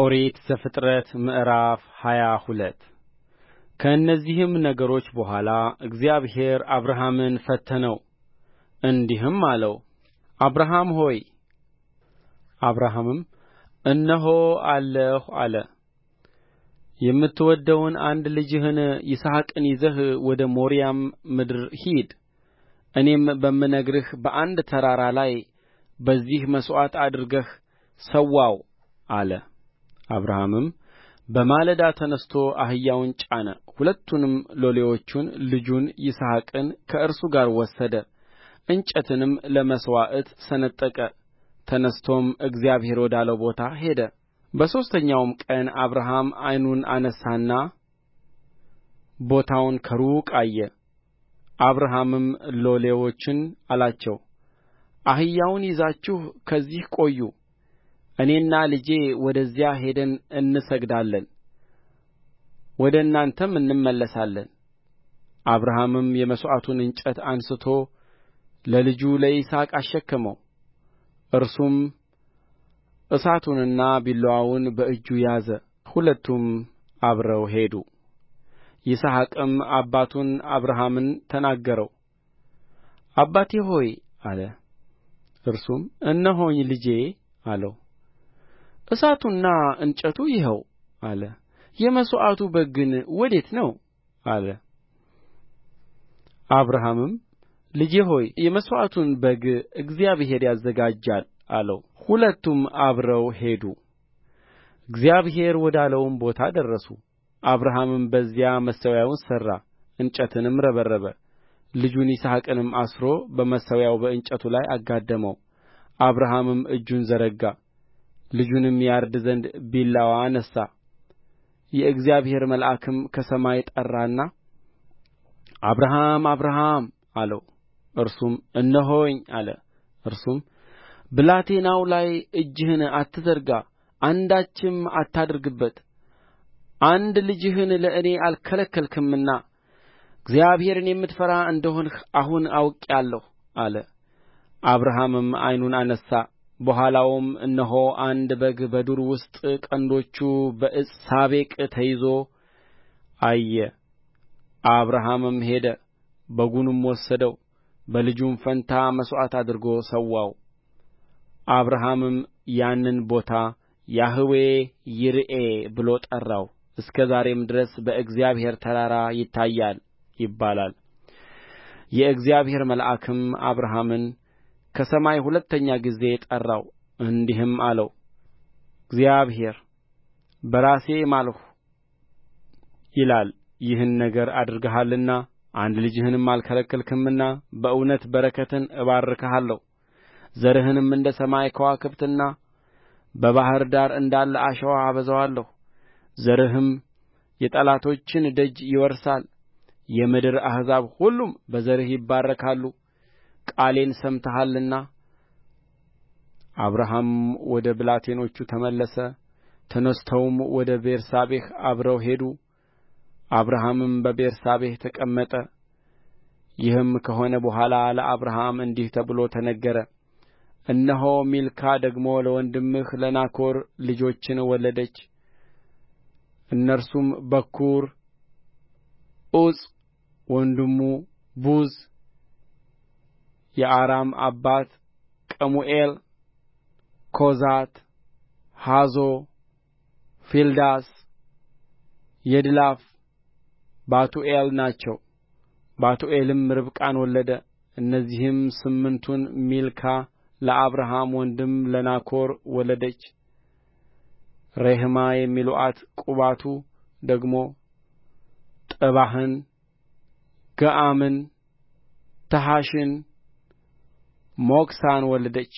ኦሪት ዘፍጥረት ምዕራፍ ሃያ ሁለት ከእነዚህም ነገሮች በኋላ እግዚአብሔር አብርሃምን ፈተነው እንዲህም አለው አብርሃም ሆይ አብርሃምም እነሆ አለሁ አለ የምትወደውን አንድ ልጅህን ይስሐቅን ይዘህ ወደ ሞሪያም ምድር ሂድ እኔም በምነግርህ በአንድ ተራራ ላይ በዚህ መሥዋዕት አድርገህ ሰዋው አለ አብርሃምም በማለዳ ተነሥቶ አህያውን ጫነ ሁለቱንም ሎሌዎቹን ልጁን ይስሐቅን ከእርሱ ጋር ወሰደ እንጨትንም ለመሥዋዕት ሰነጠቀ ተነሥቶም እግዚአብሔር ወዳለው ቦታ ሄደ በሦስተኛውም ቀን አብርሃም ዓይኑን አነሣና ቦታውን ከሩቅ አየ አብርሃምም ሎሌዎቹን አላቸው አህያውን ይዛችሁ ከዚህ ቆዩ እኔና ልጄ ወደዚያ ሄደን እንሰግዳለን ወደ እናንተም እንመለሳለን አብርሃምም የመሥዋዕቱን እንጨት አንሥቶ ለልጁ ለይስሐቅ አሸከመው እርሱም እሳቱንና ቢላዋውን በእጁ ያዘ ሁለቱም አብረው ሄዱ ይስሐቅም አባቱን አብርሃምን ተናገረው አባቴ ሆይ አለ እርሱም እነሆኝ ልጄ አለው እሳቱና እንጨቱ ይኸው አለ የመሥዋዕቱ በግ ግን ወዴት ነው አለ አብርሃምም ልጄ ሆይ የመሥዋዕቱን በግ እግዚአብሔር ያዘጋጃል አለው ሁለቱም አብረው ሄዱ እግዚአብሔር ወዳለውም ቦታ ደረሱ አብርሃምም በዚያ መሠዊያውን ሠራ እንጨትንም ረበረበ ልጁን ይስሐቅንም አስሮ በመሠዊያው በእንጨቱ ላይ አጋደመው አብርሃምም እጁን ዘረጋ ልጁንም ያርድ ዘንድ ቢላዋ አነሣ የእግዚአብሔር መልአክም ከሰማይ ጠራና አብርሃም አብርሃም አለው እርሱም እነሆኝ አለ እርሱም ብላቴናው ላይ እጅህን አትዘርጋ አንዳችም አታድርግበት አንድ ልጅህን ለእኔ አልከለከልህምና እግዚአብሔርን የምትፈራ እንደ ሆንህ አሁን አውቄአለሁ አለ አብርሃምም ዓይኑን አነሣ በኋላውም እነሆ አንድ በግ በዱር ውስጥ ቀንዶቹ በዕፀ ሳቤቅ ተይዞ አየ አብርሃምም ሄደ በጉንም ወሰደው በልጁም ፋንታ መሥዋዕት አድርጎ ሠዋው አብርሃምም ያንን ቦታ ያህዌ ይርኤ ብሎ ጠራው እስከ ዛሬም ድረስ በእግዚአብሔር ተራራ ይታያል ይባላል የእግዚአብሔር መልአክም አብርሃምን ከሰማይ ሁለተኛ ጊዜ ጠራው እንዲህም አለው እግዚአብሔር በራሴ ማልሁ ይላል ይህን ነገር አድርገሃልና አንድ ልጅህንም አልከለከልህምና በእውነት በረከትን እባርክሃለሁ ዘርህንም እንደ ሰማይ ከዋክብትና በባሕር ዳር እንዳለ አሸዋ አበዛዋለሁ ዘርህም የጠላቶችን ደጅ ይወርሳል የምድር አሕዛብ ሁሉም በዘርህ ይባረካሉ ቃሌን ሰምተሃልና አብርሃም ወደ ብላቴኖቹ ተመለሰ ተነሥተውም ወደ ቤርሳቤህ አብረው ሄዱ አብርሃምም በቤርሳቤህ ተቀመጠ ይህም ከሆነ በኋላ ለአብርሃም እንዲህ ተብሎ ተነገረ እነሆ ሚልካ ደግሞ ለወንድምህ ለናኮር ልጆችን ወለደች እነርሱም በኵሩ ዑፅ ወንድሙ ቡዝ የአራም አባት ቀሙኤል ኮዛት ሐዞ ፊልዳስ፣ የድላፍ ባቱኤል ናቸው ባቱኤልም ርብቃን ወለደ እነዚህም ስምንቱን ሚልካ ለአብርሃም ወንድም ለናኮር ወለደች ሬሕማ የሚሉአት ቁባቱ ደግሞ ጥባህን ገአምን ተሐሽን ሞክሳን ወለደች